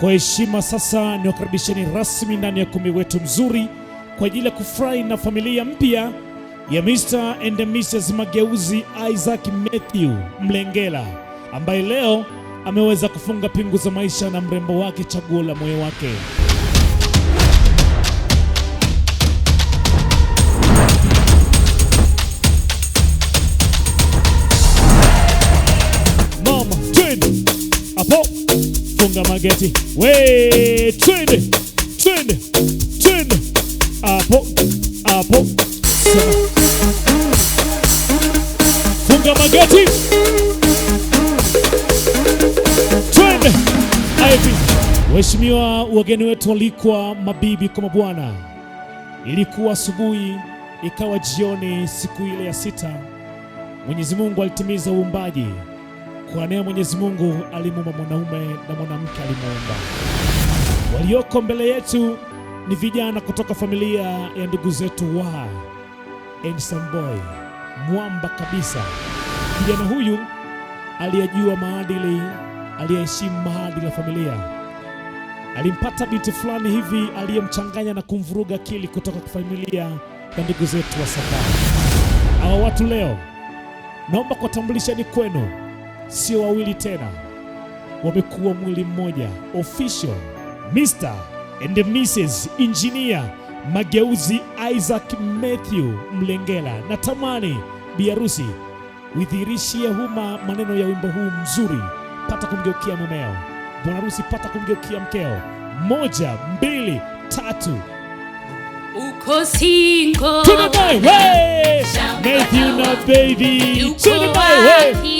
kwa heshima sasa, niwakaribisheni rasmi ndani ya ukumbi wetu mzuri kwa ajili ya kufurahi na familia mpya ya Mr. and Mrs. Mageuzi Isaac Matthew Mlengela ambaye leo ameweza kufunga pingu za maisha na mrembo wake chaguo la moyo wake. Kunga mageti, Wait, twin, twin, twin. hapo hapo, Kunga mageti Twin, IP. Waheshimiwa wageni wetu, walikwa mabibi kwa mabwana, ilikuwa asubuhi ikawa jioni, siku ile ya sita Mwenyezi Mungu alitimiza uumbaji. Kwa neema Mwenyezi Mungu alimuumba mwanaume na mwanamke alimuumba. Walioko mbele yetu ni vijana kutoka familia ya ndugu zetu wa Handsome Boy, mwamba kabisa. Kijana huyu aliyejua maadili, aliyeheshimu maadili ya familia. Alimpata binti fulani hivi aliyemchanganya na kumvuruga akili kutoka kwa familia ya ndugu zetu wa Sabato. Hawa watu leo naomba ni kwenu sio wawili tena, wamekuwa mwili mmoja. Official Mr and Mrs Engineer Mageuzi Isaac Mathew Mlengela. Natamani biarusi udhihirishie huma maneno ya wimbo huu mzuri, pata kumgeukia mumeo, bwana pata kumgeukia mkeo. Moja, mbili, tatu uko hey! Matthew na baby, uko hey!